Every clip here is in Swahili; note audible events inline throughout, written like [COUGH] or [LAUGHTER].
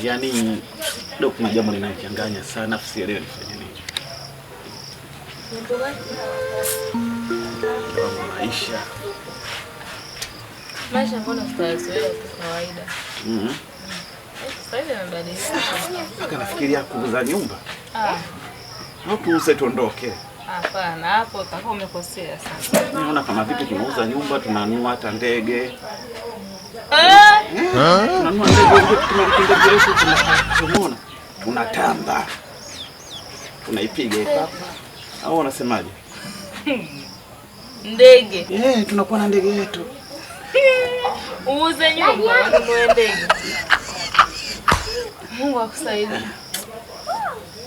Yaani leo kuna jambo linanichanganya sana, sielewi nifanye nini. Maisha maisha mbona tutayazoea kwa kawaida. Mhm. Sasa hivi nabadilika. Kaka nafikiria kuuza nyumba. Ah. Au tuuze tuondoke. Hapana, hapo utakuwa umekosea sana. Naona kama vipi tunauza nyumba tunanua hata ndege. Unaona unatamba unaipiga hapa, au unasemaje? Ndege eh, tunakuwa na ndege yetu. Uuze nyumba ndege. Mungu akusaidie.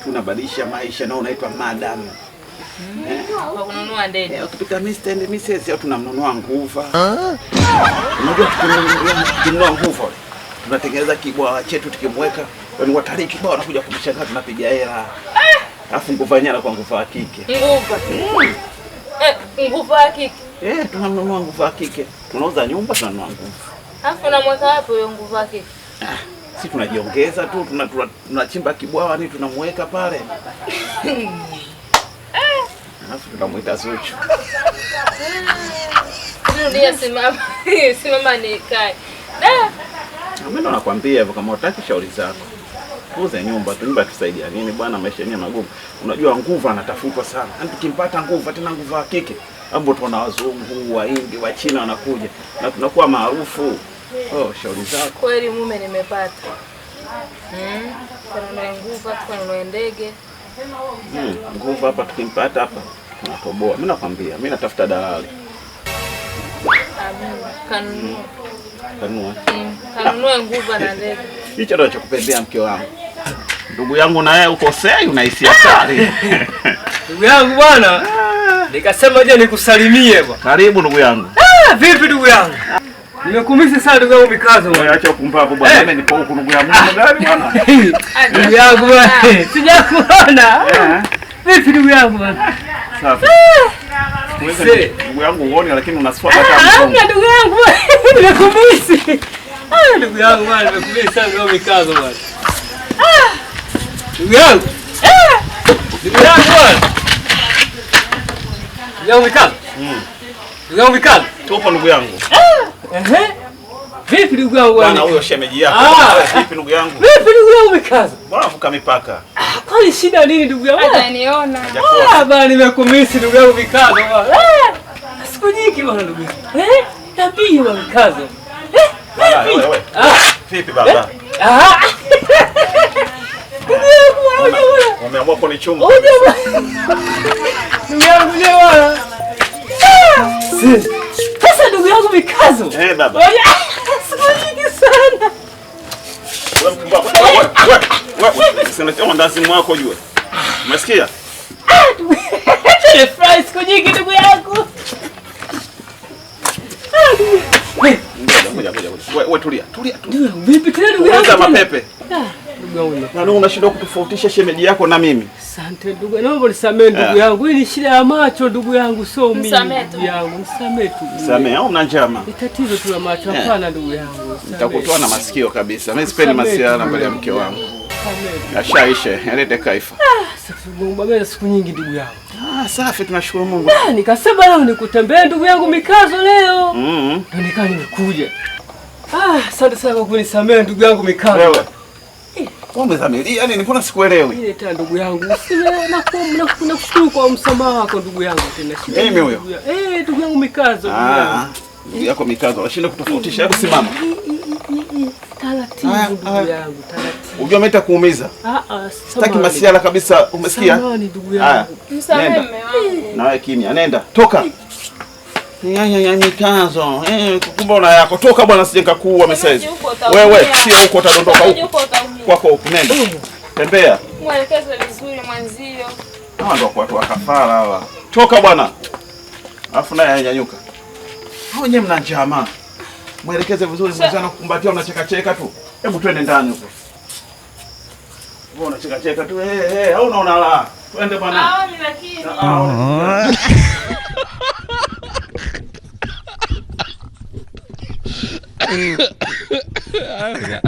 Tunabadilisha maisha na unaitwa madam. Kwa mm-hmm. eh, tunamnunua nguva. Unajua tunamnunua nguva. Tunatengeneza kibwawa chetu tukimweka, wani watalii kibwa wanakuja kumshangaa tunapiga hela. Alafu nguva nyara kwa nguva ya kike. Nguva. Eh, ya kike. Eh, tunanunua nguva ya kike. Tunauza nyumba tunanunua nguva. Alafu na mweka wapi hiyo nguva ya kike? Ah, si tunajiongeza tu tunachimba kibwawa ni tunamweka pale. [LAUGHS] Afrika muita Zuchu. [LAUGHS] Mimi ndo nakwambia hivyo, kama utaki shauri zako uze nyumba tu, nyumba tusaidia nini bwana? Maisha yenyewe magumu, unajua nguvu anatafutwa sana, yaani tukimpata nguvu, tena nguvu ya kike, hapo tuona wazungu, wahindi, wachina wanakuja na tunakuwa maarufu. Oh, shauri zako kweli. Mume nimepata hmm? nguvu, hmm, nguvu hapa tukimpata hapa natoboa. Mimi nakwambia, mimi natafuta dalali. Kanunua. nguvu [LAUGHS] Hicho ndio mke wangu. Ndugu yangu na wewe ukosei, [LAUGHS] Ndugu yangu bwana. Ah. Nikasema je, nikusalimie bwana. Karibu ndugu yangu. Ah, vipi ndugu yangu? Nimekumisi sana ndugu yangu mikazo. Wewe acha bwana. Eh. Mimi huku ndugu yangu. bwana? Ndugu yangu bwana. [LAUGHS] Eh. Sijakuona. Eh. Vipi ndugu yangu bwana? Safi. uone lakini unasua hata mkongo. Ndugu yangu nimekumisi. Ah, ndugu yangu bwana nimekumisi sana leo mikazo bwana. Ah. Ndugu yangu. Eh. Ndugu yangu bwana. Leo mikazo. Mm. Ndugu yangu mikazo. Topa ndugu yangu. Ah. Vipi ndugu yangu bwana? Bwana huyo shemeji yako. Ah. Vipi ndugu yangu? Vipi ndugu yangu mikazo? Bwana vuka mipaka. Kwani shida nini ndugu yangu? Ataniona. Ah, bana nimekumisi ndugu yangu vikazo bana. Eh, siku nyingi bana ndugu. Eh? Tabii wa mikazo. Eh? eh wewe. Ah, vipi baba? Eh, ah. [LAUGHS] Ndugu yangu wewe. Umeamua kunichunga. Oje bwana. Ndugu yangu je bwana? Ah. Sasa ndugu yangu vikazo. Eh baba. Ah, siku nyingi sinaletea oh, ndazi mwako jua. Umesikia? Tumefurahi siku nyingi ndugu yangu. Wewe tulia, tulia Vipi tena ndugu Kama ah, Na unashindwa kutofautisha shemeji yako na mimi. Asante ndugu. Naomba nisamee ndugu ah. yangu. Hii ni shida ya macho ndugu yangu, sio mimi. yangu, nisamee tu. Nisamee au njama? Ni tatizo tu la macho. Hapana eh. ndugu yangu. Nitakutoa na masikio kabisa. Mimi sipendi masiara mbele ya mke wangu. Ashaishe, alete kaifa. Ah, siku nyingi ndugu yangu. Ah, safi tunashukuru Mungu. Ah, nikasema leo nikutembee ndugu yangu mikazo leo. Mhm. Mm, nikaa nimekuja. Ah, asante sana kwa kunisamehe ndugu yangu mikazo. Wewe. Umezamilia, yani nilikuwa sikuelewi. Ile tena ndugu yangu. Nakushukuru kwa msamaha wako ndugu yangu tena. Mimi huyo. Eh, ndugu yangu mikazo. Ah. Ndugu yako mikazo, washinda kutofautisha. Hebu eh, simama. Eh, eh, Unajua ah, ah. mimi nitakuumiza. Ah, Sitaki masiala kabisa, umesikia? Nawe kimya, nenda toka. Nyanyanyanikazo eh, kumbe na yako toka bwana, sije nikakuua mesezi. Wewe sio huko, utadondoka huko kwako huko, nenda tembea. Mwelekeze vizuri mwanzio. Hawa ndio watu wa kafara hawa. Toka bwana, alafu naye anyanyuka. Hao nyewe mna njama mwelekeze vizuri sana, kukumbatia cheka tu. Hebu twende ndani huko. Wewe unacheka cheka tu eh eh, eh au unaona la. Twende bwana. Ah, ni lakini. Ah. [LAUGHS]